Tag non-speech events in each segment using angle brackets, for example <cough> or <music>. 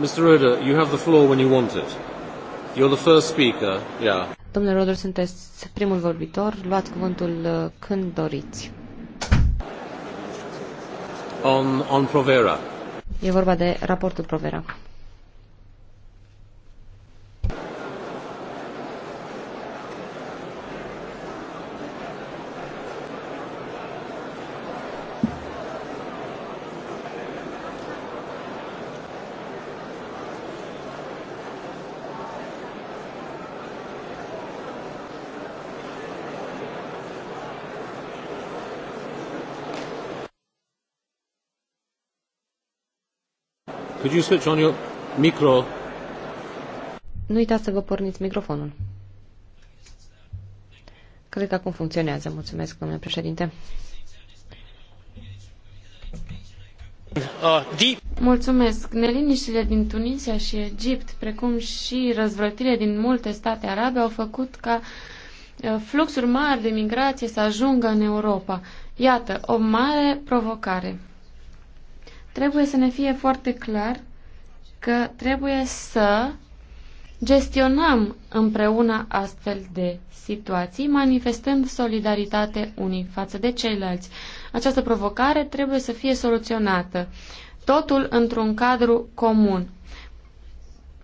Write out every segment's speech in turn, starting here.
Mr. Roder, you have the floor when you want it. You're the first speaker. Yeah. Domnule Roder, sunteți primul vorbitor. Luați cuvântul uh, când doriți. On, on Provera. E vorba de raportul Provera. Could you switch on your micro? Nu uitați să vă porniți microfonul. Cred că acum funcționează. Mulțumesc, domnule președinte. Uh, Mulțumesc. Neliniștile din Tunisia și Egipt, precum și răzvrătirile din multe state arabe, au făcut ca uh, fluxuri mari de migrație să ajungă în Europa. Iată, o mare provocare. Trebuie să ne fie foarte clar că trebuie să gestionăm împreună astfel de situații, manifestând solidaritate unii față de ceilalți. Această provocare trebuie să fie soluționată, totul într-un cadru comun.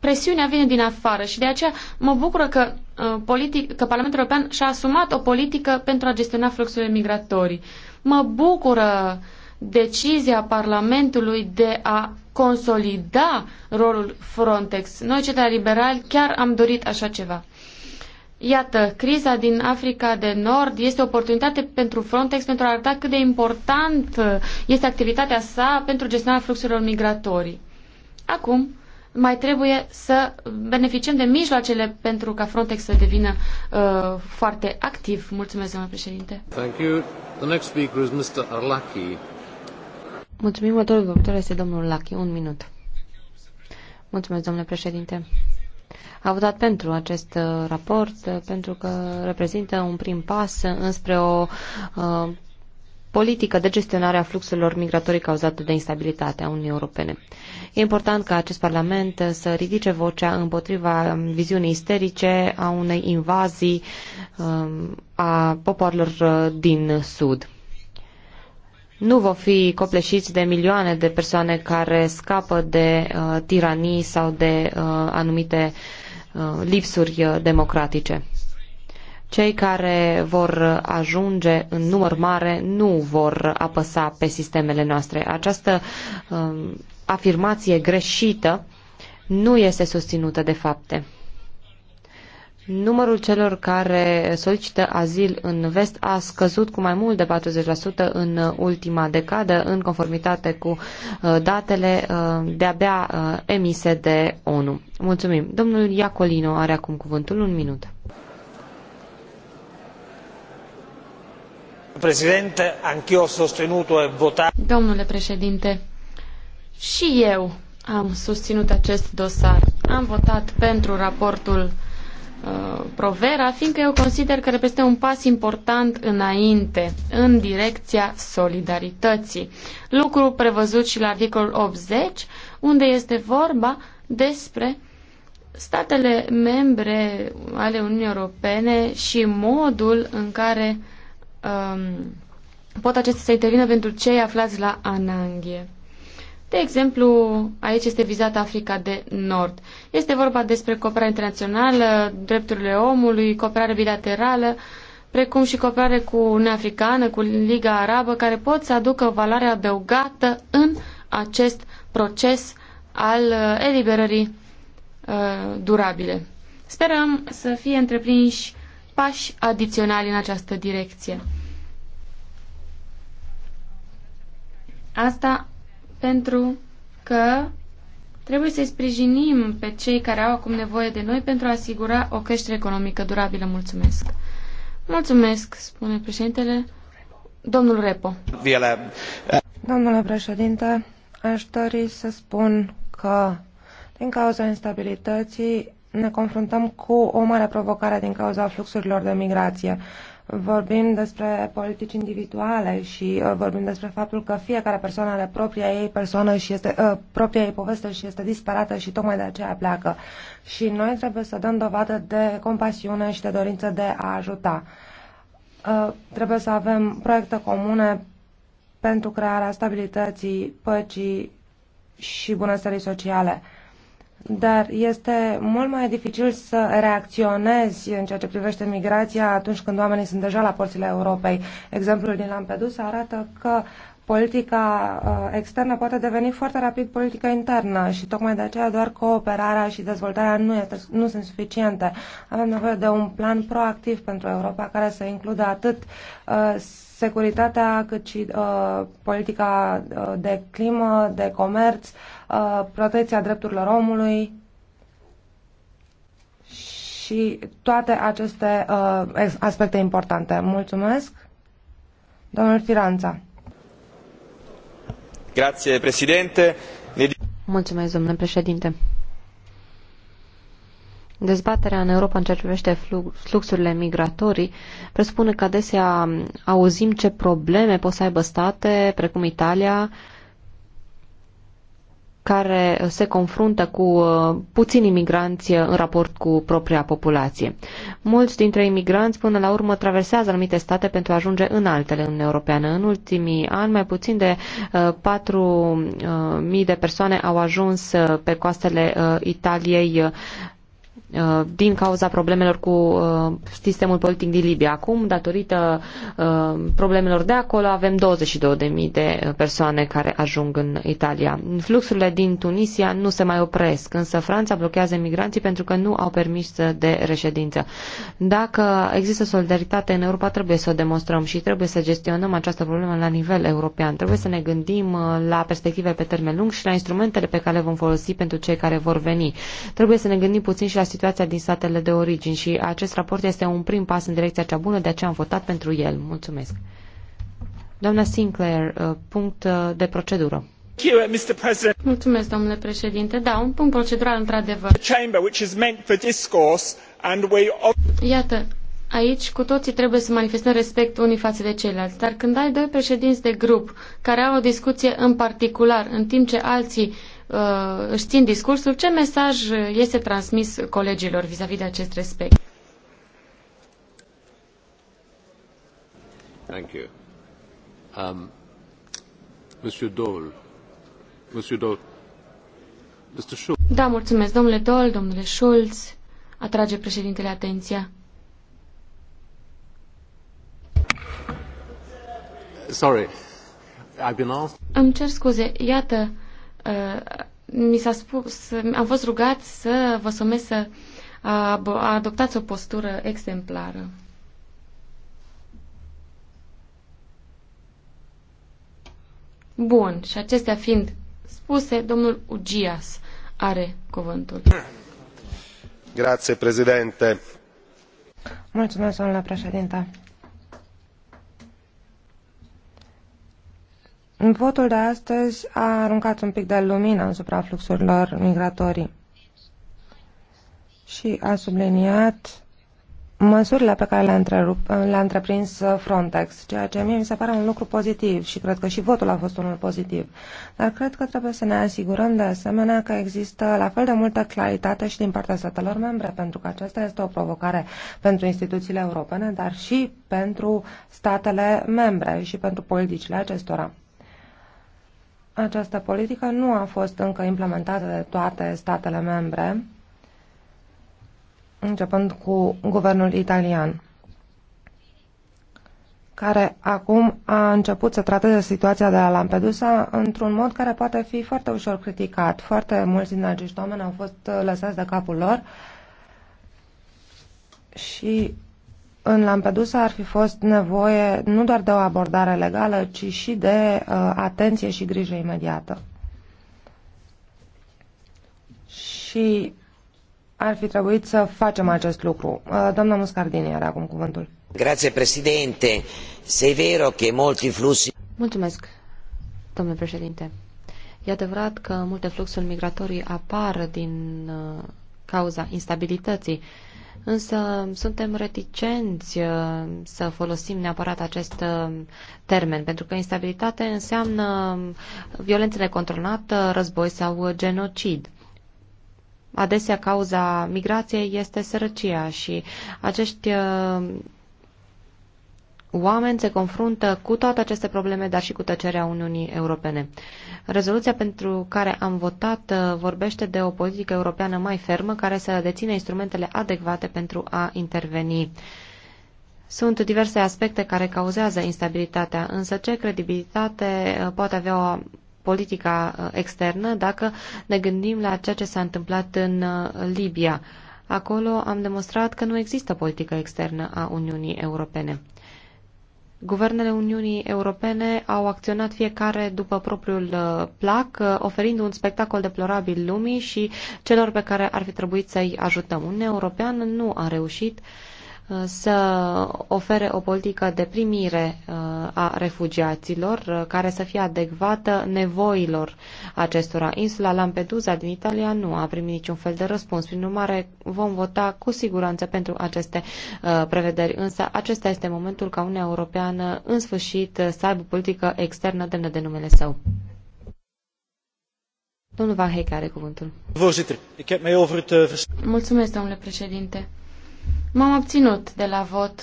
Presiunea vine din afară și de aceea mă bucură că, uh, politic, că Parlamentul European și-a asumat o politică pentru a gestiona fluxurile migratorii. Mă bucură decizia Parlamentului de a consolida rolul Frontex. Noi, cei de la liberali, chiar am dorit așa ceva. Iată, criza din Africa de Nord este o oportunitate pentru Frontex pentru a arăta cât de important este activitatea sa pentru gestionarea fluxurilor migratorii. Acum, mai trebuie să beneficiem de mijloacele pentru ca Frontex să devină uh, foarte activ. Mulțumesc, domnule președinte. Thank you. The next speaker is Mr. Arlacchi. Mulțumim, următorul vorbitor este domnul Lachi. Un minut. Mulțumesc, domnule președinte. A votat pentru acest uh, raport uh, pentru că reprezintă un prim pas înspre o uh, politică de gestionare a fluxurilor migratorii cauzate de instabilitatea Uniunii Europene. E important ca acest Parlament uh, să ridice vocea împotriva um, viziunii isterice a unei invazii uh, a popoarelor din Sud nu vor fi copleșiți de milioane de persoane care scapă de uh, tiranii sau de uh, anumite uh, lipsuri uh, democratice. Cei care vor ajunge în număr mare nu vor apăsa pe sistemele noastre. Această um, afirmație greșită nu este susținută de fapte. Numărul celor care solicită azil în vest a scăzut cu mai mult de 40% în uh, ultima decadă, în conformitate cu uh, datele uh, de-abia emise de ONU. Mulțumim. Domnul Iacolino are acum cuvântul un minut. Presidente, anch'io sostenuto e votat. Domnule președinte, și eu am susținut acest dosar. Am votat pentru raportul Uh, Provera, fiindcă eu consider că reprezintă un pas important înainte, în direcția solidarității. Lucru prevăzut și la articolul 80, unde este vorba despre statele membre ale Uniunii Europene și modul în care um, pot acestea să intervină pentru cei aflați la ananghie. De exemplu, aici este vizată Africa de Nord. Este vorba despre cooperare internațională, drepturile omului, cooperare bilaterală, precum și cooperare cu Uniunea Africană, cu Liga Arabă, care pot să aducă valoare adăugată în acest proces al uh, eliberării uh, durabile. Sperăm să fie întreprinși pași adiționali în această direcție. Asta pentru că trebuie să-i sprijinim pe cei care au acum nevoie de noi pentru a asigura o creștere economică durabilă. Mulțumesc! Mulțumesc, spune președintele. Domnul Repo. Domnule președinte, aș dori să spun că din cauza instabilității ne confruntăm cu o mare provocare din cauza fluxurilor de migrație vorbim despre politici individuale și uh, vorbim despre faptul că fiecare persoană are propria ei persoană și este uh, propria ei poveste și este disparată și tocmai de aceea pleacă. Și noi trebuie să dăm dovadă de compasiune și de dorință de a ajuta. Uh, trebuie să avem proiecte comune pentru crearea stabilității, păcii și bunăstării sociale. Uh, dar este mult mai dificil să reacționezi în ceea ce privește migrația atunci când oamenii sunt deja la porțile Europei. Exemplul din Lampedusa arată că politica uh, externă poate deveni foarte rapid politică internă și tocmai de aceea doar cooperarea și dezvoltarea nu, este, nu sunt suficiente. Avem nevoie de un plan proactiv pentru Europa care să includă atât uh, securitatea cât și uh, politica uh, de climă, de comerț, uh, Uh, protecția drepturilor omului și toate aceste uh, aspecte importante. Mulțumesc. Domnul Firanța. Grazie, președinte. Mulțumesc, domnule președinte. Dezbaterea în Europa în ceea ce privește fluxurile migratorii presupune că adesea auzim ce probleme pot să aibă state precum Italia, care se confruntă cu uh, puțini imigranți uh, în raport cu propria populație. Mulți dintre imigranți până la urmă traversează anumite state pentru a ajunge în altele în Europeană. În ultimii ani, mai puțin de 4.000 uh, de persoane au ajuns pe coastele Italiei Uh, din cauza problemelor cu uh, sistemul politic din Libia. Acum, datorită uh, problemelor de acolo, avem 22.000 de persoane care ajung în Italia. Fluxurile din Tunisia nu se mai opresc, însă Franța blochează migranții pentru că nu au permis de reședință. Dacă există solidaritate în Europa, trebuie să o demonstrăm și trebuie să gestionăm această problemă la nivel european. Trebuie să ne gândim la perspective pe termen lung și la instrumentele pe care le vom folosi pentru cei care vor veni. Trebuie să ne gândim puțin și la situația situația din statele de origine și acest raport este un prim pas în direcția cea bună, de aceea am votat pentru el. Mulțumesc. Doamna Sinclair, uh, punct uh, de procedură. Uh, Mulțumesc, domnule președinte. Da, un punct procedural, într-adevăr. Iată, aici cu toții trebuie să manifestăm respect unii față de ceilalți, dar când ai doi președinți de grup care au o discuție în particular, în timp ce alții uh, își țin discursul, ce mesaj este transmis colegilor vis-a-vis -vis de acest respect? Thank you. Um, Monsieur Dole. Monsieur Dole. Mr. Schultz. Da, mulțumesc, domnule Dole, domnule Schulz. Atrage președintele atenția. Sorry. I've been asked... Îmi cer scuze. Iată, mi s-a spus, am fost rugat să vă somesc să adoptați o postură exemplară. Bun, și acestea fiind spuse, domnul Ugias are cuvântul. Grazie, președinte. Mulțumesc, domnule președinte. Votul de astăzi a aruncat un pic de lumină asupra fluxurilor migratorii și a subliniat măsurile pe care le-a, întreprins Frontex, ceea ce mie mi se pare un lucru pozitiv și cred că și votul a fost unul pozitiv. Dar cred că trebuie să ne asigurăm de asemenea că există la fel de multă claritate și din partea statelor membre, pentru că aceasta este o provocare pentru instituțiile europene, dar și pentru statele membre și pentru politicile acestora. Această politică nu a fost încă implementată de toate statele membre, începând cu guvernul italian, care acum a început să trateze situația de la Lampedusa într-un mod care poate fi foarte ușor criticat. Foarte mulți din acești oameni au fost lăsați de capul lor și în Lampedusa ar fi fost nevoie nu doar de o abordare legală, ci și de uh, atenție și grijă imediată. Și ar fi trebuit să facem acest lucru. Uh, doamna Muscardini are acum cuvântul. Grazie, președinte. Se vero că mulți flussi... Mulțumesc, domnule președinte. E adevărat că multe fluxuri migratorii apar din uh, cauza instabilității uh, Însă suntem reticenți uh, să folosim neapărat acest uh, termen, pentru că instabilitate înseamnă violență necontrolată, război sau genocid. Adesea cauza migrației este sărăcia și acești uh, oameni se confruntă cu toate aceste probleme, dar și cu tăcerea Uniunii Europene. Rezoluția pentru care am votat uh, vorbește de o politică europeană mai fermă care să dețină instrumentele adecvate pentru a interveni. Sunt diverse aspecte care cauzează instabilitatea, însă ce credibilitate uh, poate avea o politica uh, externă dacă ne gândim la ceea ce s-a întâmplat în Libia? Acolo am demonstrat că nu există politică externă a Uniunii Europene. Guvernele Uniunii Europene au acționat fiecare după propriul uh, plac, uh, oferind un spectacol deplorabil lumii și celor pe care ar fi trebuit să-i ajutăm. un european nu a reușit uh, să ofere o politică de primire uh, a refugiaților uh, care să fie adecvată nevoilor acestora. Insula Lampedusa din Italia nu a primit niciun fel de răspuns. Prin urmare, vom vota cu siguranță pentru aceste uh, prevederi. Însă acesta este momentul ca Uniunea Europeană în sfârșit să aibă politică externă demnă de numele său. Domnul Van Heek are cuvântul. Mulțumesc, domnule președinte. M-am abținut de la vot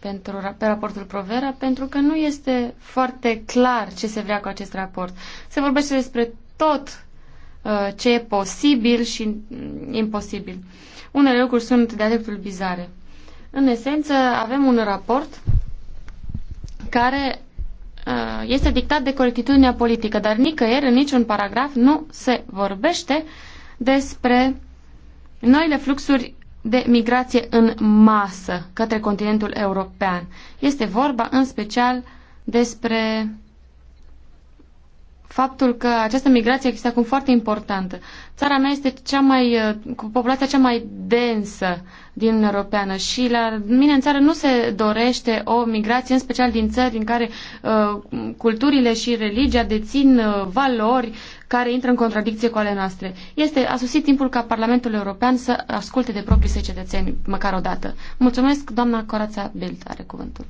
pentru, pe raportul Provera pentru că nu este foarte clar ce se vrea cu acest raport. Se vorbește despre tot uh, ce e posibil și mm, imposibil. Unele lucruri sunt de-a dreptul bizare. În esență, avem un raport care uh, este dictat de corectitudinea politică, dar nicăieri, în niciun paragraf, nu se vorbește despre noile fluxuri de migrație în masă către continentul european. Este vorba în special despre faptul că această migrație este acum foarte importantă. Țara mea este cea mai, uh, cu populația cea mai densă din Europeană și la mine în țară nu se dorește o migrație, în special din țări în care uh, culturile și religia dețin uh, valori care intră în contradicție cu ale noastre. Este a susit timpul ca Parlamentul European să asculte de proprii săi cetățeni măcar o dată. Mulțumesc, doamna Corața Bild are cuvântul.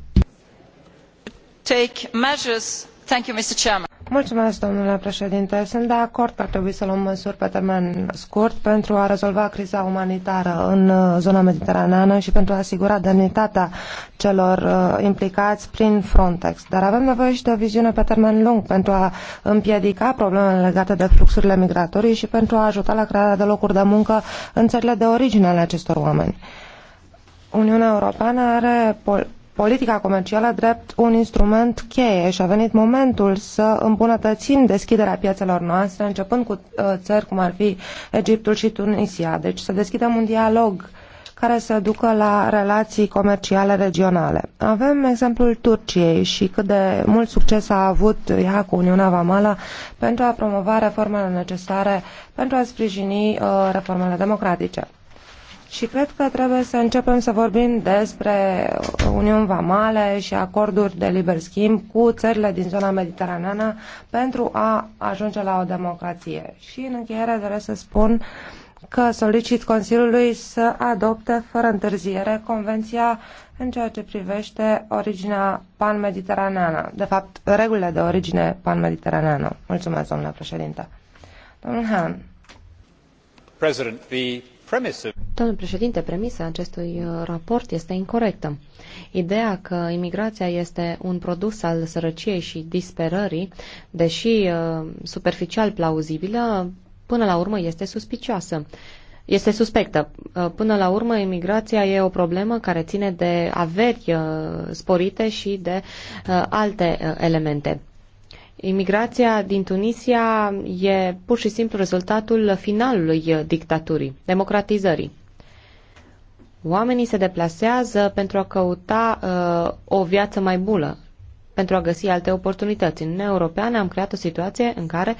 Take measures. Thank you, Mr. Chairman. Mulțumesc, domnule președinte. Sunt de acord că ar trebui să luăm măsuri pe termen scurt pentru a rezolva criza umanitară în uh, zona mediteraneană și pentru a asigura demnitatea celor uh, implicați prin Frontex. Dar avem nevoie și de o viziune pe termen lung pentru a împiedica problemele legate de fluxurile migratorii și pentru a ajuta la crearea de locuri de muncă în țările de origine ale acestor oameni. Uniunea Europeană are politica comercială drept un instrument cheie și a venit momentul să îmbunătățim deschiderea piețelor noastre, începând cu uh, țări cum ar fi Egiptul și Tunisia. Deci să deschidem un dialog care să ducă la relații comerciale regionale. Avem exemplul Turciei și cât de mult succes a avut ea cu Uniunea Vamală pentru a promova reformele necesare pentru a sprijini uh, reformele democratice. Și cred că trebuie să începem să vorbim despre Uniuni Vamale și acorduri de liber schimb cu țările din zona mediteraneană pentru a ajunge la o democrație. Și în încheiere doresc să spun că solicit Consiliului să adopte fără întârziere Convenția în ceea ce privește originea pan-mediteraneană, de fapt, regulile de origine pan-mediteraneană. Mulțumesc, domnule președinte. Domnul Han. President, the Domnule președinte, premisa acestui uh, raport este incorrectă. Ideea că imigrația este un produs al sărăciei și disperării, deși uh, superficial plauzibilă, până la urmă este suspicioasă. Este suspectă. Uh, până la urmă, imigrația e o problemă care ține de averi sporite și de alte elemente. Imigrația din Tunisia e pur și simplu rezultatul finalului dictaturii, democratizării. Oamenii se deplasează pentru a căuta uh, o viață mai bună, pentru a găsi alte oportunități. În Europeană am creat o situație în care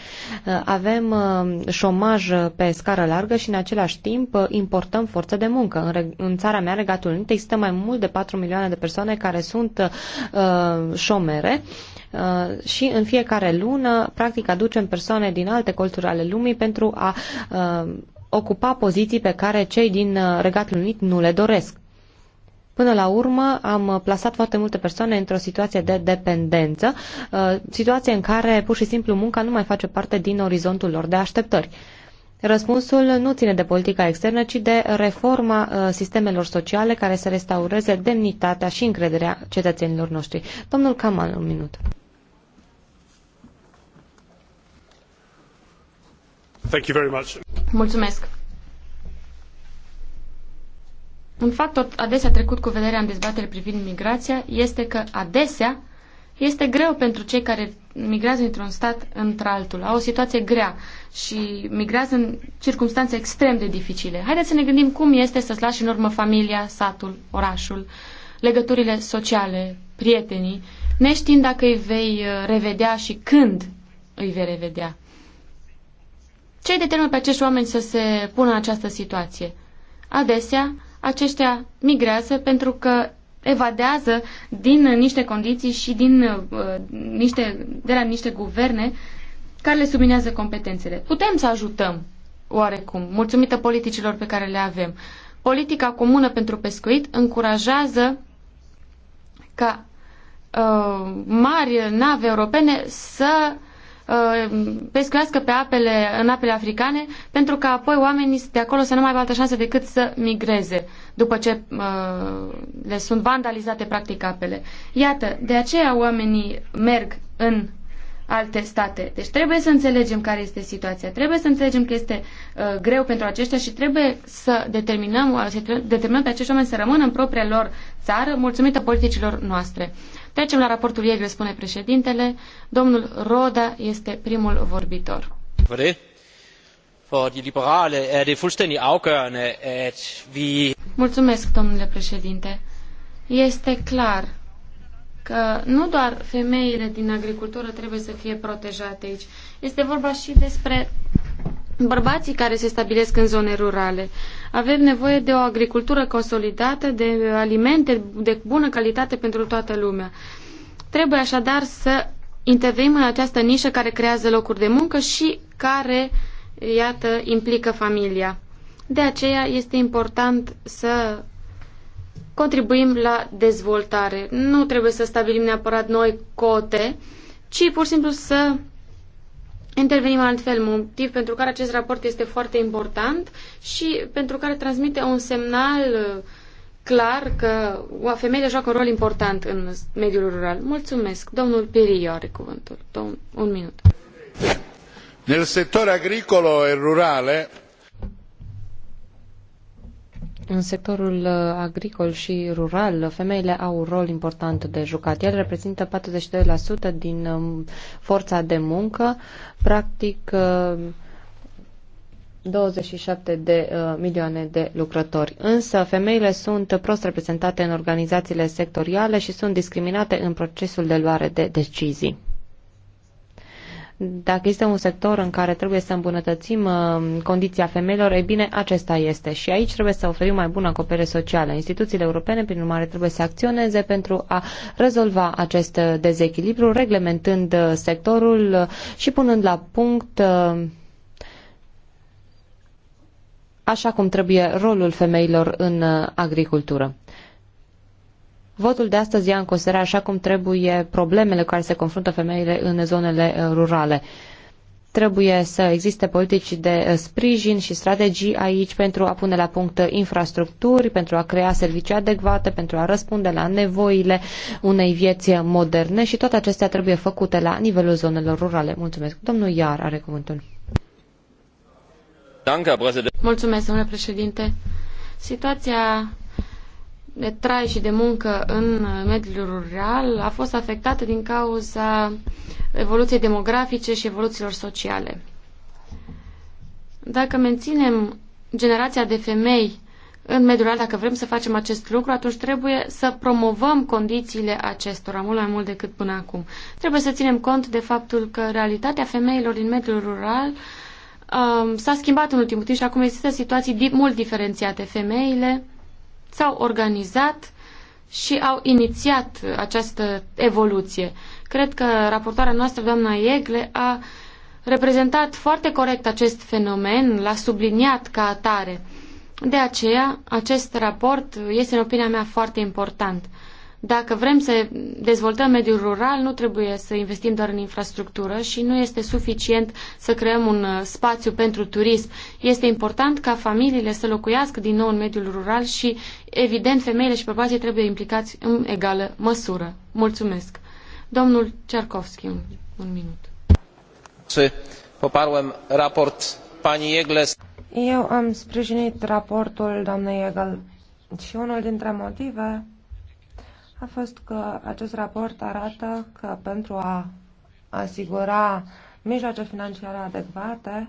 uh, avem uh, șomaj uh, pe scară largă și în același timp importăm forță de muncă. În țara mea, Regatul Unit, există mai mult de 4 milioane de persoane care sunt șomere și în fiecare lună, practic, aducem persoane din alte colțuri ale lumii pentru a ocupa poziții pe care cei din Regatul Unit nu le doresc. Până la urmă am plasat foarte multe persoane într-o situație de dependență, uh, situație în care pur și simplu munca nu mai face parte din orizontul lor de așteptări. Răspunsul nu ține de politica externă, ci de reforma uh, sistemelor sociale care să restaureze demnitatea și încrederea cetățenilor noștri. Domnul Kamal, un minut. Thank you very much. Mulțumesc. Un fapt tot adesea trecut cu vederea în dezbatere privind migrația este că adesea este greu pentru cei care migrează dintr-un stat într-altul. Au o situație grea și migrează în circunstanțe extrem de dificile. Haideți să ne gândim cum este să-ți lași în urmă familia, satul, orașul, legăturile sociale, prietenii, neștiind dacă îi vei uh, revedea și când îi vei revedea. Ce determină pe acești oameni să se pună în această situație? Adesea, aceștia migrează pentru că evadează din niște condiții și din, uh, niște, de la niște guverne care le subminează competențele. Putem să ajutăm oarecum, mulțumită politicilor pe care le avem. Politica comună pentru pescuit încurajează ca uh, mari nave europene să uh, pescuiască uh, pe apele, în apele africane, pentru că apoi oamenii de acolo să nu mai aibă altă șansă decât să migreze după ce uh, le sunt vandalizate practic apele. Iată, de aceea oamenii merg în alte state. Deci trebuie să înțelegem care este situația, trebuie să înțelegem că este uh, greu pentru aceștia și trebuie să determinăm, să determinăm pe acești oameni să rămână în propria lor țară, mulțumită politicilor noastre. Trecem la raportul Iegle, spune președintele. Domnul Roda este primul vorbitor. Er Mulțumesc, domnule președinte. Este clar că nu doar femeile din agricultură trebuie să fie protejate aici. Este vorba și despre bărbații care se stabilesc în zone rurale. Avem nevoie de o agricultură consolidată, de alimente de bună calitate pentru toată lumea. Trebuie așadar să intervenim în această nișă care creează locuri de muncă și care, iată, implică familia. De aceea este important să contribuim la dezvoltare. Nu trebuie să stabilim neapărat noi cote, ci pur și simplu să intervenim altfel, motiv pentru care acest raport este foarte important și pentru care transmite un semnal uh, clar că o femeie joacă un rol important în mediul rural. Mulțumesc. Domnul Pirio are cuvântul. Domn, un minut. Nel settore agricolo e rurale în sectorul uh, agricol și rural, femeile au un rol important de jucat. El reprezintă 42% din um, forța de muncă, practic 27 uh, de uh, milioane de lucrători. Însă, femeile sunt prost reprezentate în organizațiile sectoriale și sunt discriminate în procesul de luare de decizii. Dacă este un sector în care trebuie să îmbunătățim uh, condiția femeilor, e bine, acesta este. Și aici trebuie să oferim mai bună acopere socială. Instituțiile europene, prin urmare, trebuie să acționeze pentru a rezolva acest uh, dezechilibru, reglementând uh, sectorul și punând la punct așa cum trebuie rolul femeilor în agricultură. Votul de astăzi ia în considerare așa cum trebuie problemele cu care se confruntă femeile în zonele uh, rurale. Trebuie să existe politici de uh, sprijin și strategii aici pentru a pune la punct uh, infrastructuri, pentru a crea servicii adecvate, pentru a răspunde la nevoile unei vieți moderne și toate acestea trebuie făcute la nivelul zonelor rurale. Mulțumesc. Domnul Iar are cuvântul. Mulțumesc, domnule președinte. Situația de trai și de muncă în mediul rural a fost afectată din cauza evoluției demografice și evoluțiilor sociale. Dacă menținem generația de femei în mediul rural, dacă vrem să facem acest lucru, atunci trebuie să promovăm condițiile acestora mult mai mult decât până acum. Trebuie să ținem cont de faptul că realitatea femeilor din mediul rural um, s-a schimbat în ultimul timp și acum există situații mult diferențiate. Femeile s-au organizat și au inițiat această evoluție. Cred că raportoarea noastră, doamna Iegle, a reprezentat foarte corect acest fenomen, l-a subliniat ca atare. De aceea, acest raport este, în opinia mea, foarte important. Dacă vrem să dezvoltăm mediul rural, nu trebuie să investim doar în infrastructură și nu este suficient să creăm un uh, spațiu pentru turism. Este important ca familiile să locuiască din nou în mediul rural și, evident, femeile și bărbații trebuie implicați în egală măsură. Mulțumesc. Domnul Cerkovski, un, un minut. Poparłem raport pani Jegles. Eu am sprijinit raportul doamnei Egal și unul dintre motive a fost că acest raport arată că pentru a asigura mijloace financiare adecvate,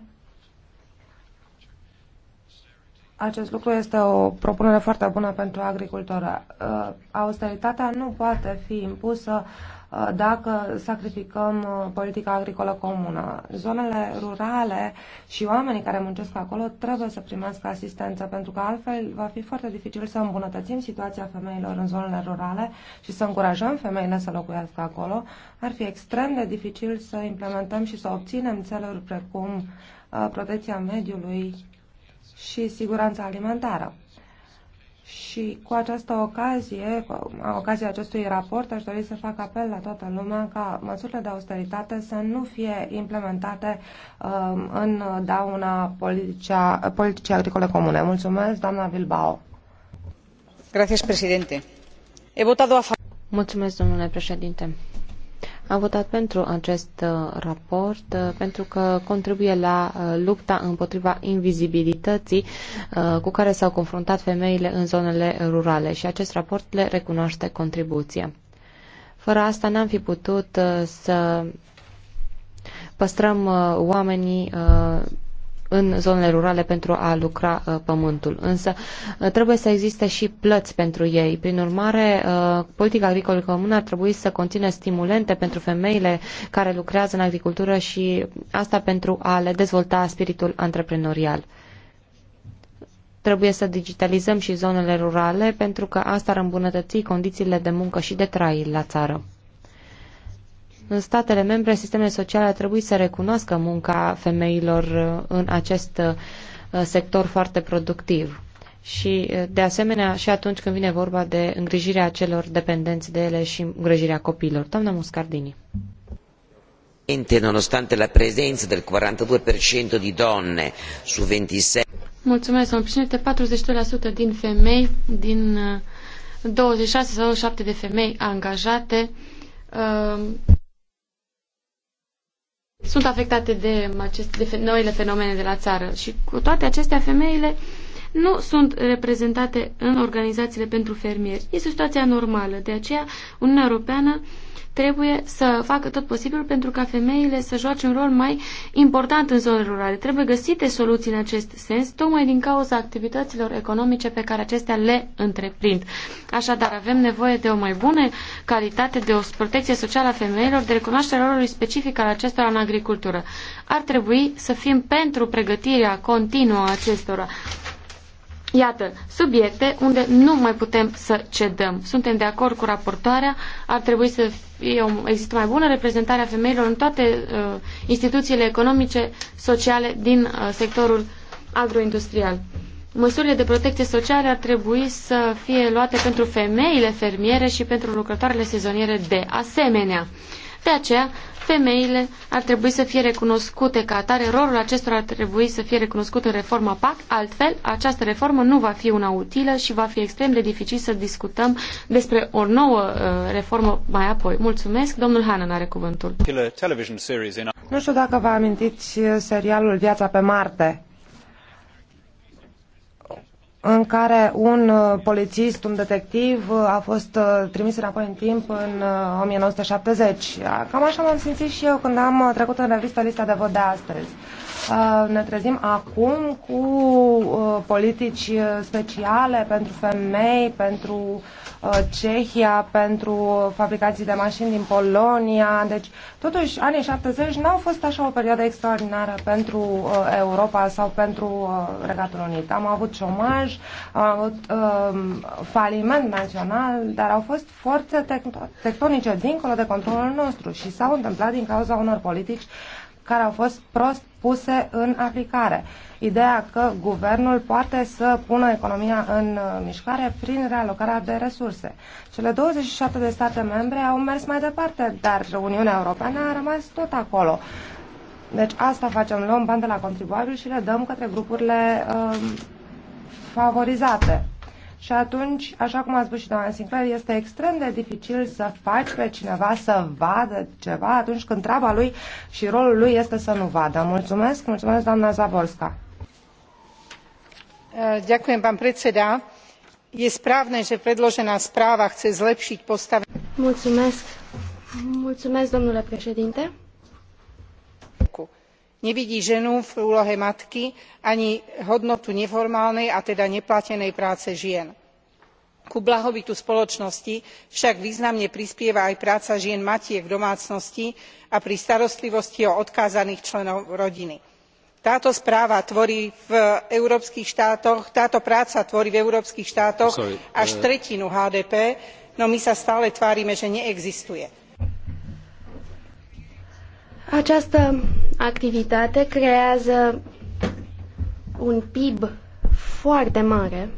acest lucru este o propunere foarte bună pentru agricultură. Uh, austeritatea nu poate fi impusă Uh, dacă sacrificăm uh, politica agricolă comună. Zonele rurale și oamenii care muncesc acolo trebuie să primească asistență, pentru că altfel va fi foarte dificil să îmbunătățim situația femeilor în zonele rurale și să încurajăm femeile să locuiască acolo. Ar fi extrem de dificil să implementăm și să obținem țeluri precum uh, protecția mediului și siguranța alimentară. Și cu această ocazie, cu ocazia acestui raport, aș dori să fac apel la toată lumea ca măsurile de austeritate să nu fie implementate um, în dauna politicii politica agricole comune. Mulțumesc, doamna Bilbao. Gracias, He a Mulțumesc, domnule președinte. Am votat pentru acest uh, raport uh, pentru că contribuie la uh, lupta împotriva invizibilității cu care s-au confruntat femeile în zonele rurale și acest raport le recunoaște contribuția. Fără asta n-am fi putut să păstrăm oamenii în zonele rurale pentru a lucra uh, pământul. Însă uh, trebuie să existe și plăți pentru ei. Prin urmare, uh, politica agricolă comună ar trebui să conțină stimulente pentru femeile care lucrează în agricultură și asta pentru a le dezvolta spiritul antreprenorial trebuie să digitalizăm și zonele rurale pentru că asta ar îmbunătăți condițiile de muncă și de trai la țară. În statele membre, sistemele sociale ar trebui să recunoască munca femeilor uh, în acest uh, sector foarte productiv. Și, uh, de asemenea, și atunci când vine vorba de îngrijirea celor dependenți de ele și îngrijirea copiilor. Doamna Muscardini. Nonostante la prezență del 42% di donne su 27... Mulțumesc, domnul președinte. 42% din femei, din 26 sau 27 de femei angajate, sunt afectate de aceste de noile fenomene de la țară și cu toate acestea femeile nu sunt reprezentate în organizațiile pentru fermieri. Este situație normală, de aceea Uniunea Europeană trebuie să facă tot posibilul pentru ca femeile să joace un rol mai important în zonele rurale. Trebuie găsite soluții în acest sens, tocmai din cauza activităților economice pe care acestea le întreprind. Așadar, avem nevoie de o mai bună calitate, de o protecție socială a femeilor, de recunoașterea rolului specific al acestora în agricultură. Ar trebui să fim pentru pregătirea continuă a acestora. Iată, subiecte unde nu mai putem să cedăm. Suntem de acord cu raportoarea, ar trebui să fie, există mai bună reprezentarea femeilor în toate uh, instituțiile economice, sociale din uh, sectorul agroindustrial. Măsurile de protecție socială ar trebui să fie luate pentru femeile fermiere și pentru lucrătoarele sezoniere de asemenea. Uh, de aceea, femeile ar trebui să fie recunoscute ca atare, rolul acestora ar trebui să fie recunoscut în reforma PAC, altfel această reformă nu va fi una utilă și va fi extrem de dificil să discutăm despre o nouă uh, reformă mai apoi. Mulțumesc, domnul Hanan are cuvântul. Nu știu dacă vă amintiți serialul Viața pe Marte în care un uh, polițist, un detectiv uh, a fost uh, trimis înapoi în timp în 1970. Cam așa m-am simțit și eu când am trecut în revistă lista de vot de astăzi. Uh, ne trezim acum cu uh, politici uh, speciale pentru femei, pentru Cehia, pentru fabricații de mașini din Polonia. Deci, totuși, anii 70 n-au fost așa o perioadă extraordinară pentru Europa sau pentru Regatul Unit. Am avut șomaj, am avut um, faliment național, dar au fost forțe tectonice dincolo de controlul nostru și s-au întâmplat din cauza unor politici care au fost prost puse în aplicare. Ideea că guvernul poate să pună economia în uh, mișcare prin realocarea de resurse. Cele 27 de state membre au mers mai departe, dar Uniunea Europeană a rămas tot acolo. Deci asta facem, luăm bani de la contribuabil și le dăm către grupurile uh, favorizate. Și atunci, așa cum a spus și doamna Sinclair, este extrem de dificil să faci pe cineva să vadă ceva atunci când treaba lui și rolul lui este să nu vadă. Mulțumesc, mulțumesc doamna Zaborska. Ďakujem, pán predseda. Je správne, že predložená správa chce zlepšiť postavenie. Mulțumesc. Mulțumesc, domnule președinte nevidí ženu v úlohe matky ani hodnotu neformálnej a teda neplatenej práce žien. k blahobytu spoločnosti však významne prispieva aj práca žien matiek v domácnosti a pri starostlivosti o odkázaných členov rodiny. táto práca tvorí v európskych štátoch až eh. tretinu hdp no my sa stále tvárime že neexistuje. Această activitate creează un PIB foarte mare.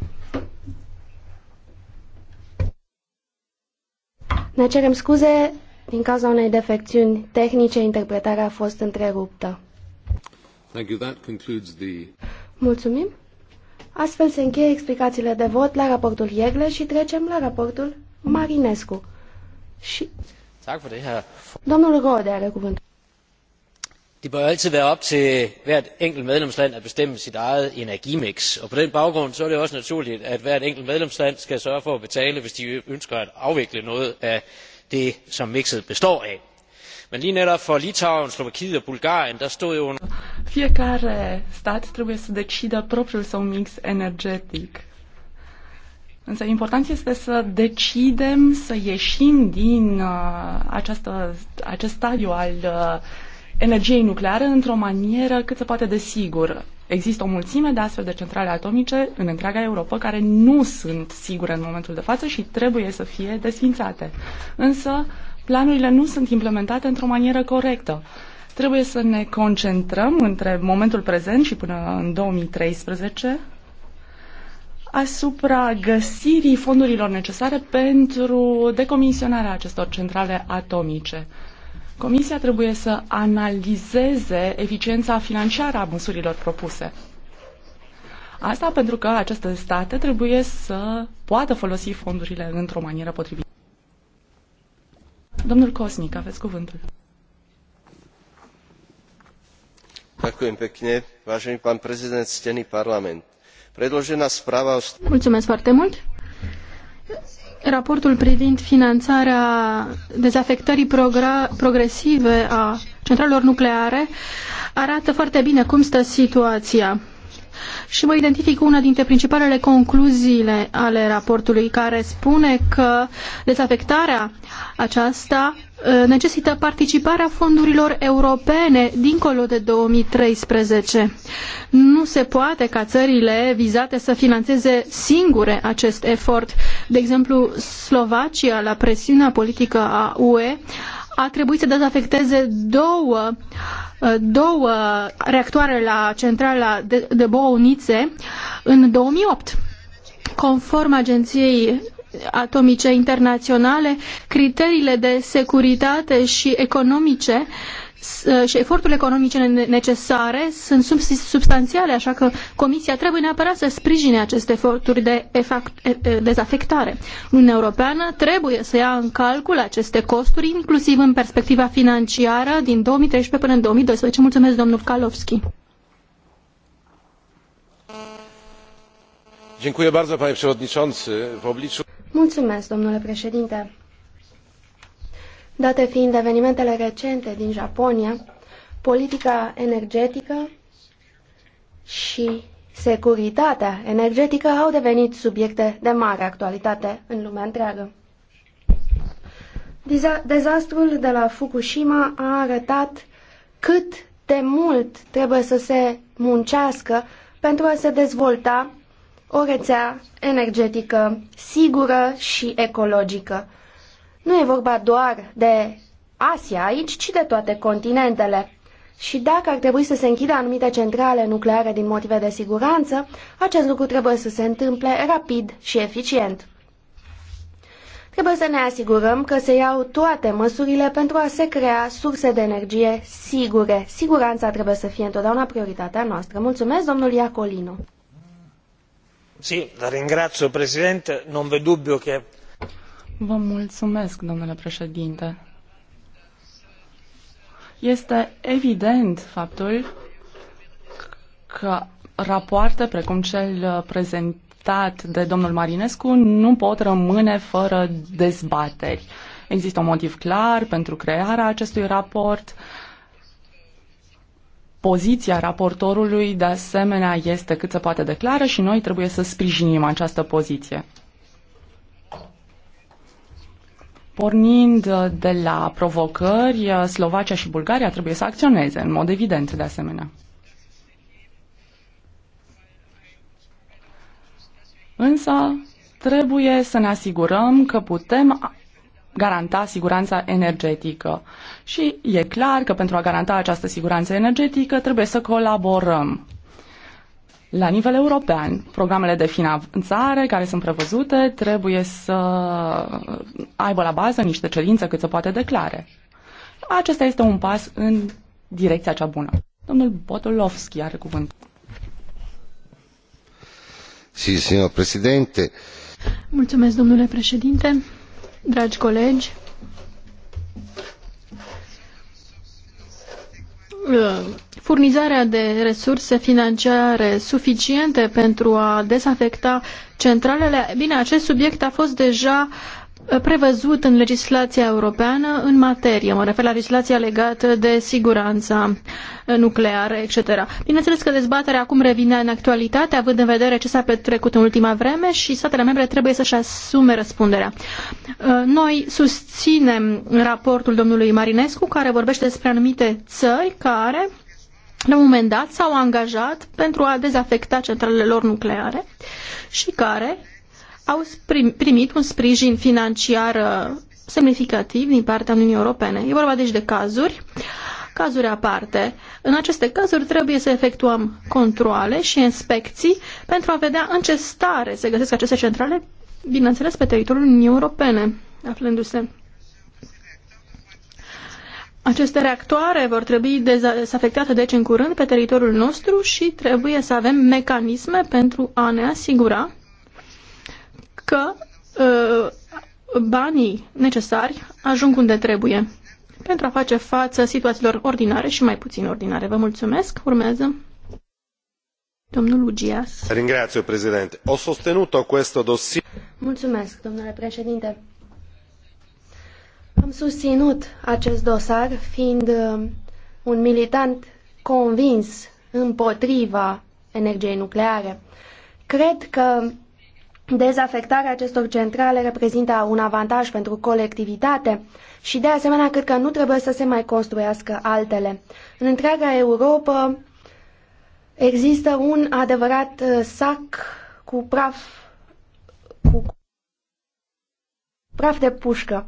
Ne cerem scuze din cauza unei defecțiuni tehnice, interpretarea a fost întreruptă. Thank you. That concludes the... Mulțumim. Astfel se încheie explicațiile de vot la raportul Iegle și trecem la raportul Marinescu. Și... Domnul Rode are cuvântul det bør altid være op til hvert enkelt medlemsland at bestemme sit eget energimiks og på den baggrund er det også naturligt at hvert enkelt medlemsland skal sørge for at betale hvis de ønsker at afvikle noget af det som mikset består af men lige netop for litauen slovakiet og bulgarien stod jo. fiecare stat trebuie să decidă propriul său mix energetic. Însă important este să decidem să ieșim din uh, această, acest stadiu al uh, energiei nucleare într-o manieră cât se poate de sigură. Există o mulțime de astfel de centrale atomice în întreaga Europa care nu sunt sigure în momentul de față și trebuie să fie desfințate. Însă, planurile nu sunt implementate într-o manieră corectă. Trebuie să ne concentrăm între momentul prezent și până în 2013 asupra găsirii fondurilor necesare pentru decomisionarea acestor centrale atomice. Comisia trebuie să analizeze eficiența financiară a măsurilor propuse. Asta pentru că aceste state trebuie să poată folosi fondurile într-o manieră potrivită. Domnul Cosnic, aveți cuvântul. parlament. Mulțumesc foarte mult raportul privind finanțarea dezafectării progresive a centralelor nucleare arată foarte bine cum stă situația. Și mă identific una dintre principalele concluziile ale raportului, care spune că dezafectarea aceasta Uh, necesită participarea fondurilor europene dincolo de 2013. Nu se poate ca țările vizate să financeze singure acest efort. De exemplu, Slovacia, la presiunea politică a UE, a trebuit să dezafecteze două, uh, două reactoare la centrala de, de Bounițe în 2008. Conform Agenției atomice internaționale, criteriile de securitate și economice uh, și eforturile economice necesare sunt substanțiale, așa că Comisia trebuie neapărat să sprijine aceste eforturi de efact, dezafectare. Uniunea Europeană trebuie să ia în calcul aceste costuri, inclusiv în perspectiva financiară din 2013 până în 2012. Mulțumesc, domnul Kalovski. Dziękuję bardzo, panie przewodniczący. W obliczu Mulțumesc, domnule președinte. Date fiind evenimentele recente din Japonia, politica energetică și securitatea energetică au devenit subiecte de mare actualitate în lumea întreagă. Dezastrul de la Fukushima a arătat cât de mult trebuie să se muncească pentru a se dezvolta o rețea energetică sigură și ecologică. Nu e vorba doar de Asia aici, ci de toate continentele. Și dacă ar trebui să se închidă anumite centrale nucleare din motive de siguranță, acest lucru trebuie să se întâmple rapid și eficient. Trebuie să ne asigurăm că se iau toate măsurile pentru a se crea surse de energie sigure. Siguranța trebuie să fie întotdeauna prioritatea noastră. Mulțumesc, domnul Iacolino. Vă mulțumesc, domnule președinte. Este evident faptul că rapoarte precum cel prezentat de domnul Marinescu nu pot rămâne fără dezbateri. Există un motiv clar pentru crearea acestui raport. Uh, Poziția raportorului, de asemenea, este cât se poate clară și noi trebuie să sprijinim această poziție. Pornind uh, de la provocări, uh, Slovacia și Bulgaria trebuie să acționeze, în mod evident, de asemenea. Însă, trebuie să ne asigurăm că putem garanta siguranța energetică. Și e clar că pentru a garanta această siguranță energetică trebuie să colaborăm. La nivel european, programele de finanțare care sunt prevăzute trebuie să aibă la bază niște cerințe cât se poate declare. Acesta este un pas în direcția cea bună. Domnul Botolovski are cuvânt. Sí, președinte. Mulțumesc, domnule președinte. Dragi colegi, furnizarea de resurse financiare suficiente pentru a desafecta centralele, bine, acest subiect a fost deja prevăzut în legislația europeană în materie, mă refer la legislația legată de siguranța nucleară, etc. Bineînțeles că dezbaterea acum revine în actualitate, având în vedere ce s-a petrecut în ultima vreme și statele membre trebuie să-și asume răspunderea. Uh, noi susținem raportul domnului Marinescu, care vorbește despre anumite țări care, la un moment dat, s-au angajat pentru a dezafecta centralele lor nucleare și care au primit un sprijin financiar uh, semnificativ din partea Uniunii Europene. E vorba deci de cazuri, cazuri aparte. În aceste cazuri trebuie să efectuăm controle și inspecții pentru a vedea în ce stare se găsesc aceste centrale, bineînțeles pe teritoriul Uniunii Europene, aflându-se aceste reactoare vor trebui desafectate deci în curând pe teritoriul nostru și trebuie să avem mecanisme pentru a ne asigura că ă, banii necesari ajung unde trebuie pentru a face față situațiilor ordinare și mai puțin ordinare. Vă mulțumesc. Urmează. Domnul Ugias. Ringrazio, sostenuto questo dossier. Mulțumesc, domnule președinte. Am susținut acest dosar fiind ă, un militant convins împotriva energiei nucleare. Cred că Dezafectarea acestor centrale reprezintă un avantaj pentru colectivitate și de asemenea cred că nu trebuie să se mai construiască altele. În întreaga Europa există un adevărat uh, sac cu praf cu praf de pușcă. <laughs>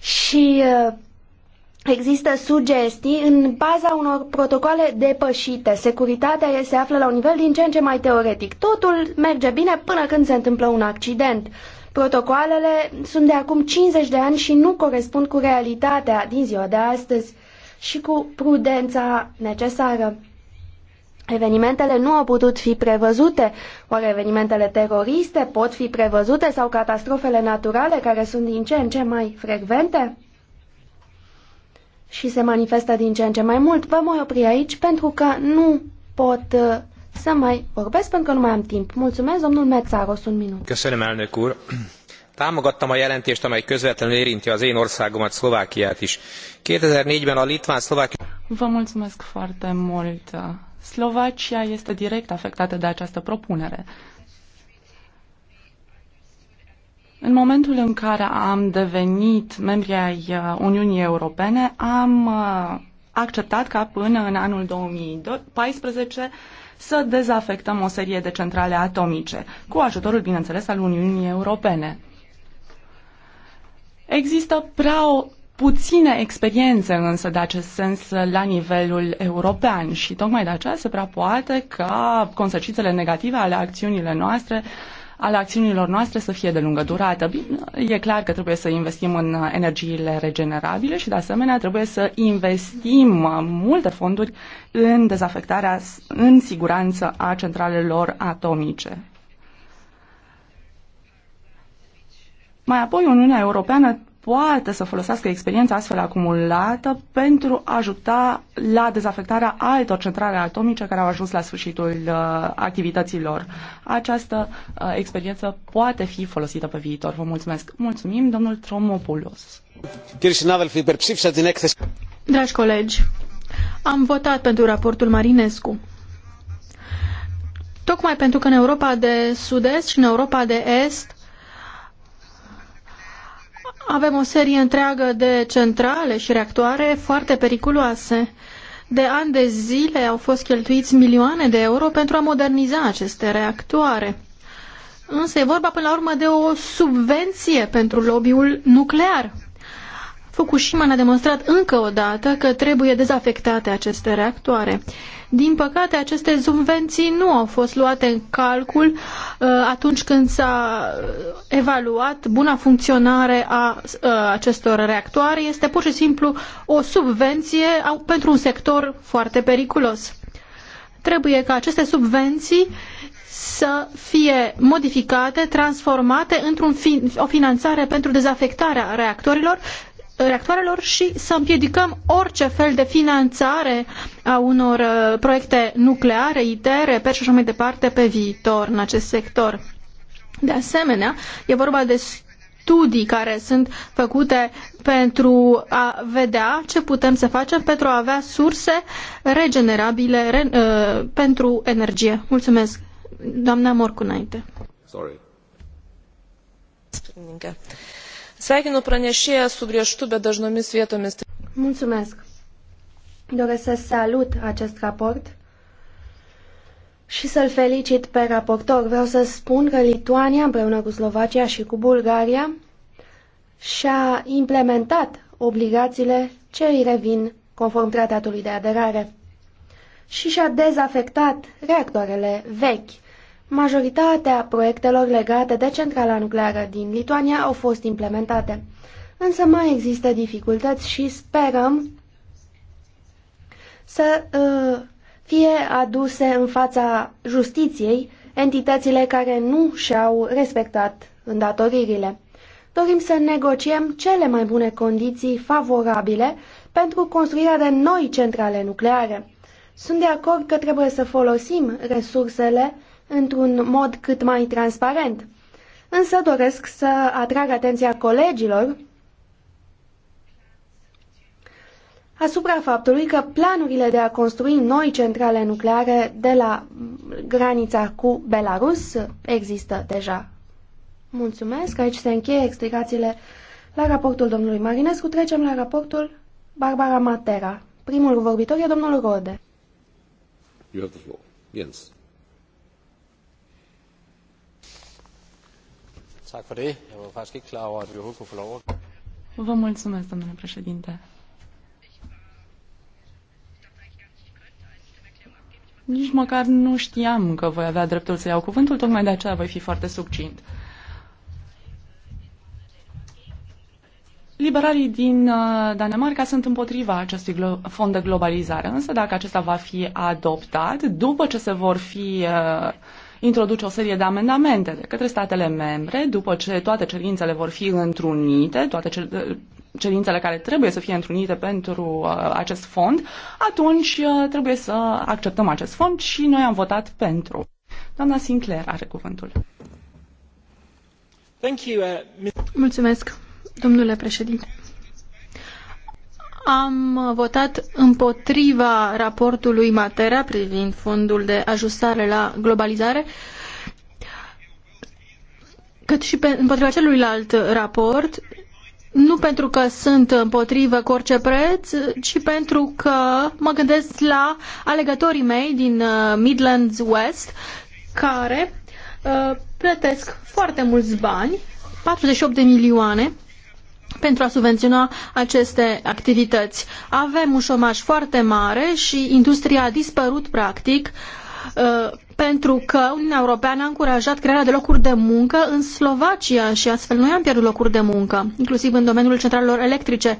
Și uh, Există sugestii în baza unor protocoale depășite. Securitatea se află la un nivel din ce în ce mai teoretic. Totul merge bine până când se întâmplă un accident. Protocoalele sunt de acum 50 de ani și nu corespund cu realitatea din ziua de astăzi și cu prudența necesară. Evenimentele nu au putut fi prevăzute. Oare evenimentele teroriste pot fi prevăzute sau catastrofele naturale care sunt din ce în ce mai frecvente? și se manifestă din ce în ce mai mult. Vă mai opri aici pentru că nu pot uh, să mai vorbesc pentru că nu mai am timp. Mulțumesc, domnul Mețaros, un minut. Köszönöm, elnök úr. Támogattam a jelentést, amely közvetlenül érinti az én országomat, Szlovákiát is. 2004-ben a litván Szlovákia... Vă mulțumesc foarte mult. Slovacia este direct afectată de această propunere. În momentul în care am devenit membri ai uh, Uniunii Europene, am uh, acceptat ca până în anul 2014 să dezafectăm o serie de centrale atomice, cu ajutorul, bineînțeles, al Uniunii Europene. Există prea o puține experiențe însă de acest sens la nivelul european și tocmai de aceea se prea poate ca consecințele negative ale acțiunile noastre uh, ale acțiunilor noastre să fie de lungă durată. e clar că trebuie să investim în energiile regenerabile și, de asemenea, trebuie să investim multe fonduri în dezafectarea în siguranță a centralelor atomice. Mai apoi, Uniunea Europeană poată să folosească experiența astfel acumulată pentru a ajuta la dezafectarea altor centrale atomice care au ajuns la sfârșitul uh, activităților. Această uh, experiență poate fi folosită pe viitor. Vă mulțumesc. Mulțumim, domnul Tromopoulos. Dragi colegi, am votat pentru raportul Marinescu. Tocmai pentru că în Europa de Sud-Est și în Europa de Est avem o serie întreagă de centrale și reactoare foarte periculoase. De ani de zile au fost cheltuiți milioane de euro pentru a moderniza aceste reactoare. Însă e vorba până la urmă de o subvenție pentru lobby-ul nuclear. Fukushima ne-a demonstrat încă o dată că trebuie dezafectate aceste reactoare. Din păcate, aceste subvenții nu au fost luate în calcul uh, atunci când s-a uh, evaluat buna funcționare a uh, acestor reactoare. Este pur și simplu o subvenție pentru un sector foarte periculos. Trebuie ca aceste subvenții să fie modificate, transformate într-o finanțare pentru dezafectarea reactorilor reactoarelor și să împiedicăm orice fel de finanțare a unor uh, proiecte nucleare, ITER, pe și așa mai departe pe viitor în acest sector. De asemenea, e vorba de studii care sunt făcute pentru a vedea ce putem să facem pentru a avea surse regenerabile re, uh, pentru energie. Mulțumesc, doamna Morcu, înainte. Sorry. Sveikinu pranešėją su griežtu, bet dažnomis vietomis. Mulțumesc! Doresc să salut acest raport și să-l felicit pe raportor. Vreau să spun că Lituania, împreună cu Slovacia și cu Bulgaria, și-a implementat obligațiile ce îi revin conform tratatului de aderare și și-a dezafectat reactoarele vechi Majoritatea proiectelor legate de centrala nucleară din Lituania au fost implementate, însă mai există dificultăți și sperăm să uh, fie aduse în fața justiției entitățile care nu și-au respectat îndatoririle. Dorim să negociem cele mai bune condiții favorabile pentru construirea de noi centrale nucleare. Sunt de acord că trebuie să folosim resursele într-un mod cât mai transparent. Însă doresc să atrag atenția colegilor asupra faptului că planurile de a construi noi centrale nucleare de la granița cu Belarus există deja. Mulțumesc, aici se încheie explicațiile la raportul domnului Marinescu. Trecem la raportul Barbara Matera. Primul vorbitor e domnul Rode. You have the floor. Jens. Vă mulțumesc, domnule președinte. Nici măcar nu știam că voi avea dreptul să iau cuvântul, tocmai de aceea voi fi foarte succint. Liberalii din uh, Danemarca sunt împotriva acestui fond de globalizare, însă dacă acesta va fi adoptat, după ce se vor fi uh, introduce o serie de amendamente de către statele membre, după ce toate cerințele vor fi întrunite, toate cer eh, cerințele care trebuie să fie întrunite pentru uh, acest fond, atunci uh, trebuie să acceptăm acest fond și noi am votat pentru. Doamna Sinclair are cuvântul. Mulțumesc, domnule președinte am votat împotriva raportului Matera privind fondul de ajustare la globalizare, cât și pe, împotriva celuilalt raport, nu pentru că sunt împotrivă cu orice preț, ci pentru că mă gândesc la alegătorii mei din uh, Midlands West, care uh, plătesc foarte mulți bani, 48 de milioane, pentru a subvenționa aceste activități. Avem un șomaj foarte mare și industria a dispărut practic uh, pentru că Uniunea Europeană a încurajat crearea de locuri de muncă în Slovacia și astfel noi am pierdut locuri de muncă, inclusiv în domeniul centralelor electrice.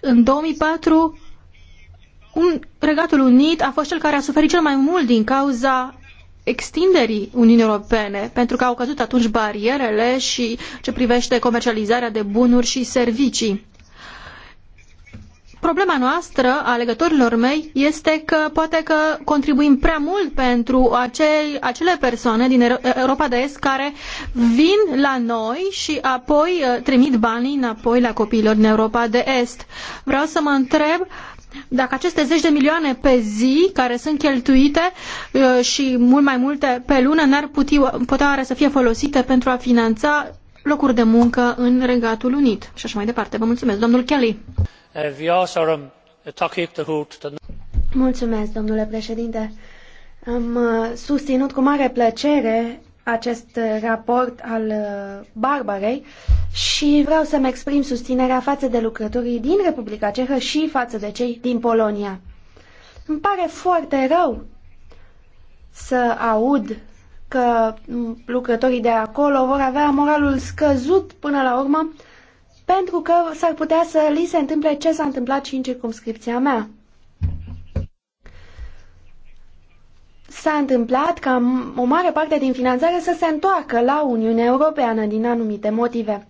În 2004, un, Regatul Unit a fost cel care a suferit cel mai mult din cauza extinderii Uniunii Europene, pentru că au căzut atunci barierele și ce privește comercializarea de bunuri și servicii. Problema noastră a legătorilor mei este că poate că contribuim prea mult pentru acei, acele persoane din Europa de Est care vin la noi și apoi uh, trimit banii înapoi la copiilor din Europa de Est. Vreau să mă întreb dacă aceste zeci de milioane pe zi care sunt cheltuite uh, și mult mai multe pe lună n-ar putea oare să fie folosite pentru a finanța locuri de muncă în Regatul Unit și așa mai departe. Vă mulțumesc, domnul Kelly. Uh, um, mulțumesc, domnule președinte. Am uh, susținut cu mare plăcere acest raport al uh, Barbarei și vreau să-mi exprim susținerea față de lucrătorii din Republica Cehă și față de cei din Polonia. Îmi pare foarte rău să aud că lucrătorii de acolo vor avea moralul scăzut până la urmă pentru că s-ar putea să li se întâmple ce s-a întâmplat și în circumscripția mea. s-a întâmplat ca o mare parte din finanțare să se întoarcă la Uniunea Europeană din anumite motive.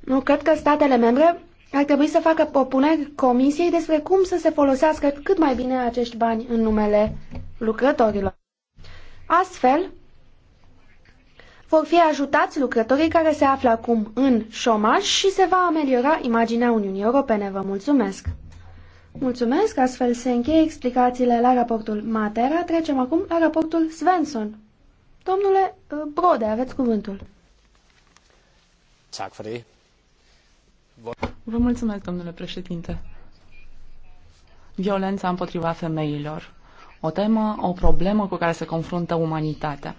Nu cred că statele membre ar trebui să facă propuneri comisiei despre cum să se folosească cât mai bine acești bani în numele lucrătorilor. Astfel, vor fi ajutați lucrătorii care se află acum în șomaj și se va ameliora imaginea Uniunii Europene. Vă mulțumesc! Mulțumesc, astfel se încheie explicațiile la raportul Matera. Trecem acum la raportul Svensson. Domnule uh, Brode, aveți cuvântul. Vă mulțumesc, domnule președinte. Violența împotriva femeilor. O temă, o problemă cu care se confruntă umanitatea.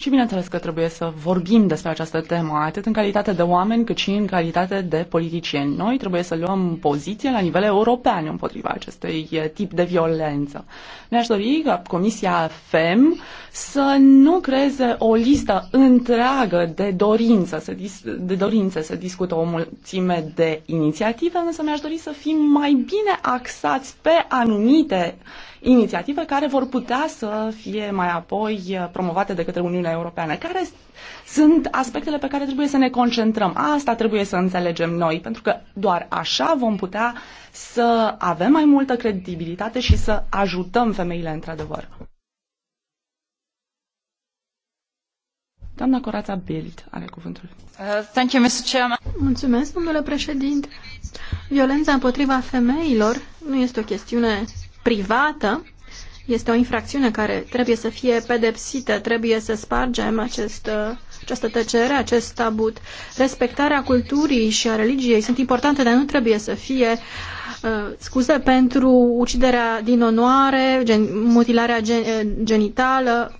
Și bineînțeles că trebuie să vorbim despre această temă, atât în calitate de oameni, cât și în calitate de politicieni. Noi trebuie să luăm poziție la nivel european împotriva acestui eh, tip de violență. Ne-aș dori ca Comisia FEM să nu creeze o listă întreagă de dorință, să dis- de dorințe să discută o mulțime de inițiative, însă mi-aș dori să fim mai bine axați pe anumite inițiative care vor putea să fie mai apoi eh, promovate de către Uniunea Europeană. Care sunt aspectele pe care trebuie să ne concentrăm? Asta trebuie să înțelegem noi, pentru că doar așa vom putea să avem mai multă credibilitate și să ajutăm femeile într-adevăr. Doamna Corața Bild are cuvântul. Uh, thank you, Mr. Chairman. Mulțumesc, domnule președinte. Violența împotriva femeilor nu este o chestiune privată este o infracțiune care trebuie să fie pedepsită, trebuie să spargem acest, această tăcere, acest tabut. Respectarea culturii și a religiei sunt importante, dar nu trebuie să fie uh, scuze pentru uciderea din onoare, gen, mutilarea gen, uh, genitală,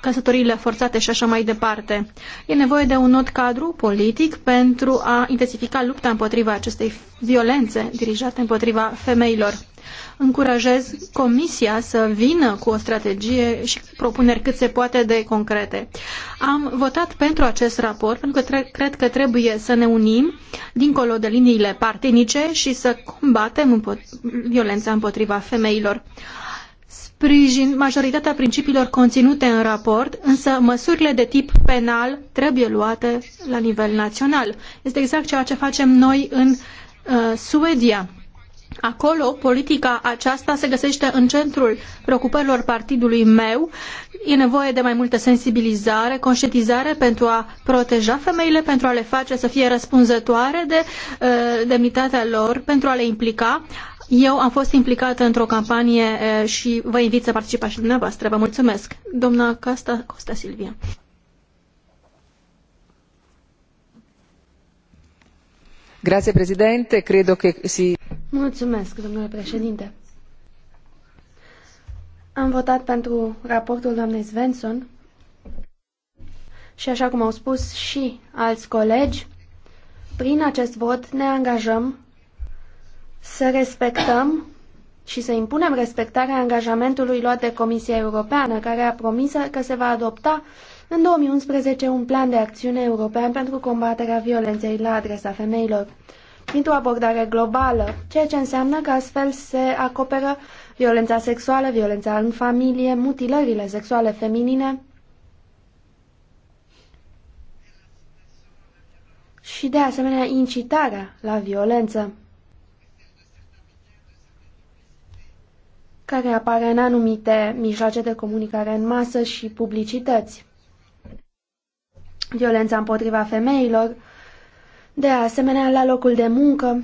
căsătoriile forțate și așa mai departe. E nevoie de un not cadru politic pentru a intensifica lupta împotriva acestei violențe dirijate împotriva femeilor încurajez Comisia să vină cu o strategie și propuneri cât se poate de concrete. Am votat pentru acest raport pentru că cred că trebuie să ne unim dincolo de liniile partenice și să combatem împo- violența împotriva femeilor. Sprijin majoritatea principiilor conținute în raport, însă măsurile de tip penal trebuie luate la nivel național. Este exact ceea ce facem noi în uh, Suedia Acolo, politica aceasta se găsește în centrul preocupărilor partidului meu. E nevoie de mai multă sensibilizare, conștientizare pentru a proteja femeile, pentru a le face să fie răspunzătoare de uh, demnitatea lor, pentru a le implica. Eu am fost implicată într-o campanie uh, și vă invit să participați și dumneavoastră. Vă mulțumesc. Doamna Costa, Costa Silvia. Grazie Presidente, credo che si... Mulțumesc, domnule președinte. Am votat pentru raportul doamnei Svensson și așa cum au spus și alți colegi, prin acest vot ne angajăm să respectăm și să impunem respectarea angajamentului luat de Comisia Europeană, care a promis că se va adopta în 2011 un plan de acțiune european pentru combaterea violenței la adresa femeilor dintr-o abordare globală, ceea ce înseamnă că astfel se acoperă violența sexuală, violența în familie, mutilările sexuale feminine și, de asemenea, incitarea la violență, care apare în anumite mijloace de comunicare în masă și publicități. Violența împotriva femeilor, de asemenea la locul de muncă,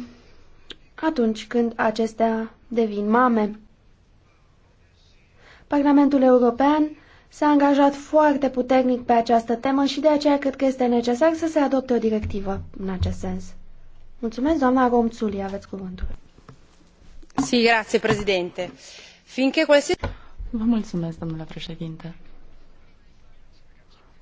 atunci când acestea devin mame. Parlamentul European s-a angajat foarte puternic pe această temă și de aceea cred că este necesar să se adopte o directivă în acest sens. Mulțumesc, doamna Romțuli, aveți cuvântul. Si, grazie, președinte. Fiindcă Vă mulțumesc, domnule președinte.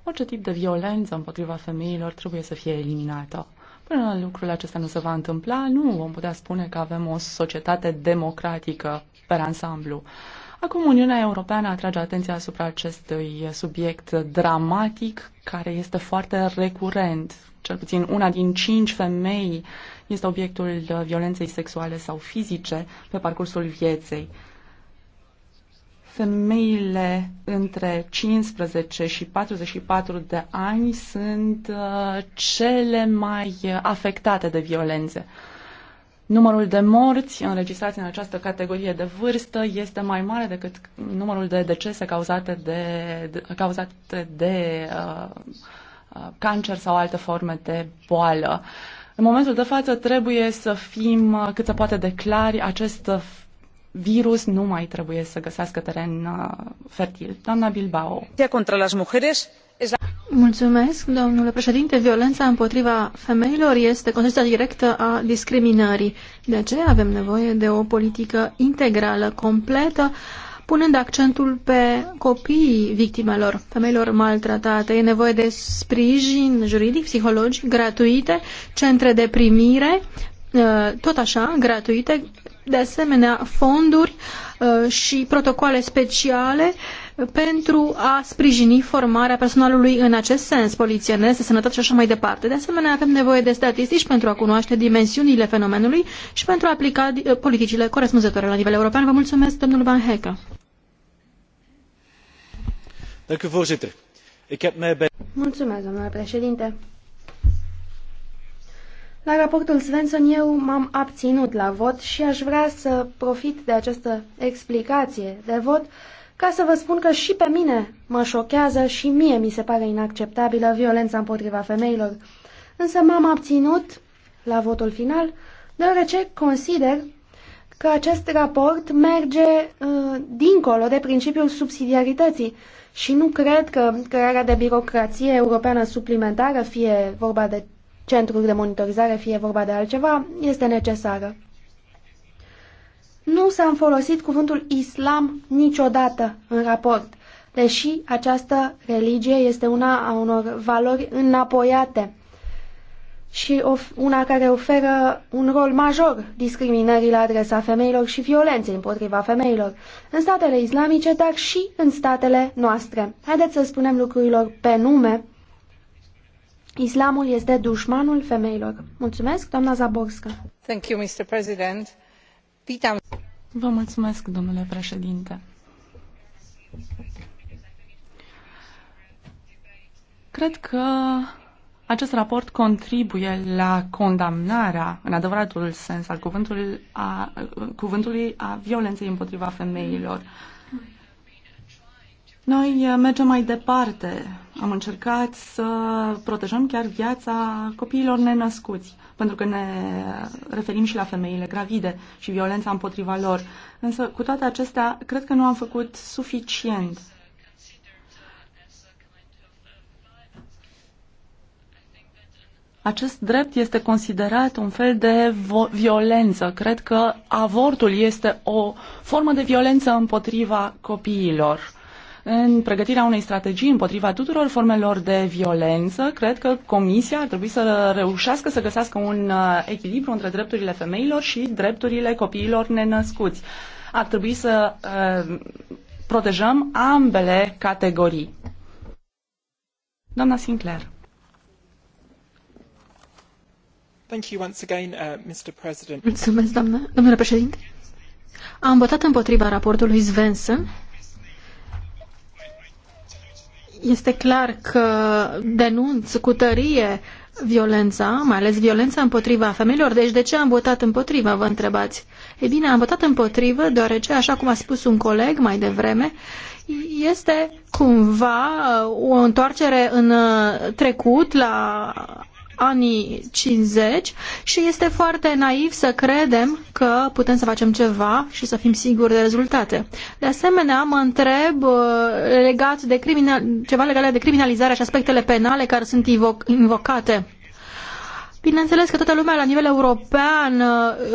Orice tip de violență împotriva femeilor trebuie să fie eliminată. Până lucrul acesta nu se va întâmpla, nu vom putea spune că avem o societate democratică pe ansamblu. Acum Uniunea Europeană atrage atenția asupra acestui subiect dramatic care este foarte recurent. Cel puțin una din cinci femei este obiectul violenței sexuale sau fizice pe parcursul vieței. Femeile între 15 și 44 de ani sunt uh, cele mai afectate de violențe. Numărul de morți înregistrați în această categorie de vârstă este mai mare decât numărul de decese cauzate de, de, cauzate de uh, uh cancer sau alte forme de boală. În momentul de față trebuie să fim uh, cât se poate de clari, acest virus nu mai trebuie să găsească teren uh, fertil. Doamna Bilbao. Contra las mujeres Mulțumesc, domnule președinte. Violența împotriva femeilor este consecința directă a discriminării. De aceea avem nevoie de o politică integrală, completă, punând accentul pe copiii victimelor, femeilor maltratate. E nevoie de sprijin juridic, psihologic, gratuite, centre de primire, uh, tot așa, gratuite, de asemenea fonduri uh, și protocoale speciale pentru a sprijini formarea personalului în acest sens, polițienesc, sănătate și așa mai departe. De asemenea, avem nevoie de statistici pentru a cunoaște dimensiunile fenomenului și pentru a aplica uh, politicile corespunzătoare la nivel european. Vă mulțumesc, domnul Van Mulțumesc, domnule președinte. La raportul Svensson eu m-am abținut la vot și aș vrea să profit de această explicație de vot ca să vă spun că și pe mine mă șochează și mie mi se pare inacceptabilă violența împotriva femeilor. Însă m-am abținut la votul final deoarece consider că acest raport merge uh, dincolo de principiul subsidiarității și nu cred că crearea de birocrație europeană suplimentară, fie vorba de centruri de monitorizare, fie vorba de altceva, este necesară. Nu s am folosit cuvântul islam niciodată în raport, deși această religie este una a unor valori înapoiate și una care oferă un rol major discriminării la adresa femeilor și violenței împotriva femeilor, în statele islamice, dar și în statele noastre. Haideți să spunem lucrurilor pe nume Islamul este dușmanul femeilor. Mulțumesc, doamna Zaborska. Thank you, Mr. President. Vitam. Vă mulțumesc, domnule președinte. Cred că acest raport contribuie la condamnarea, în adevăratul sens al cuvântului, a, cuvântului, a violenței împotriva femeilor. Noi eh, mergem mai departe. Am încercat să protejăm chiar viața copiilor nenăscuți, pentru că ne referim și la femeile gravide și violența împotriva lor. Însă, cu toate acestea, cred că nu am făcut suficient. Acest drept este considerat un fel de violență. Cred că avortul este o formă de violență împotriva copiilor în pregătirea unei strategii împotriva tuturor formelor de violență, cred că Comisia ar trebui să reușească să găsească un uh, echilibru între drepturile femeilor și drepturile copiilor nenăscuți. Ar trebui să uh, protejăm ambele categorii. Doamna Sinclair. Thank you once again, uh, Mr. President. Mulțumesc, doamnă, domnule președinte. Am votat împotriva raportului Svensson este clar că denunț cu tărie violența, mai ales violența împotriva femeilor. Deci de ce am votat împotriva, vă întrebați? Ei bine, am votat împotrivă deoarece, așa cum a spus un coleg mai devreme, este cumva uh, o întoarcere în uh, trecut la anii 50 și este foarte naiv să credem că putem să facem ceva și să fim siguri de rezultate. De asemenea, mă întreb uh, legat de criminal, ceva legat de criminalizare și aspectele penale care sunt invocate Bineînțeles că toată lumea la nivel european uh,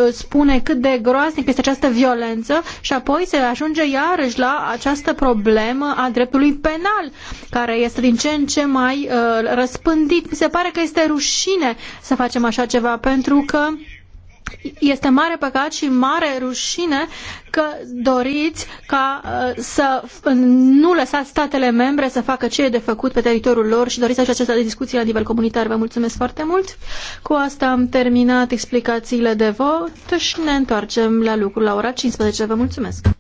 uh, spune cât de groaznic este această violență și apoi se ajunge iarăși la această problemă a dreptului penal, care este din ce în ce mai uh, răspândit. Mi se pare că este rușine să facem așa ceva, pentru că este mare păcat și mare rușine că doriți ca uh, să nu lăsați statele membre să facă ce e de făcut pe teritoriul lor și doriți așa această discuție la nivel comunitar. Vă mulțumesc foarte mult. Cu asta am terminat explicațiile de vot și ne întoarcem la lucru la ora 15. Vă mulțumesc.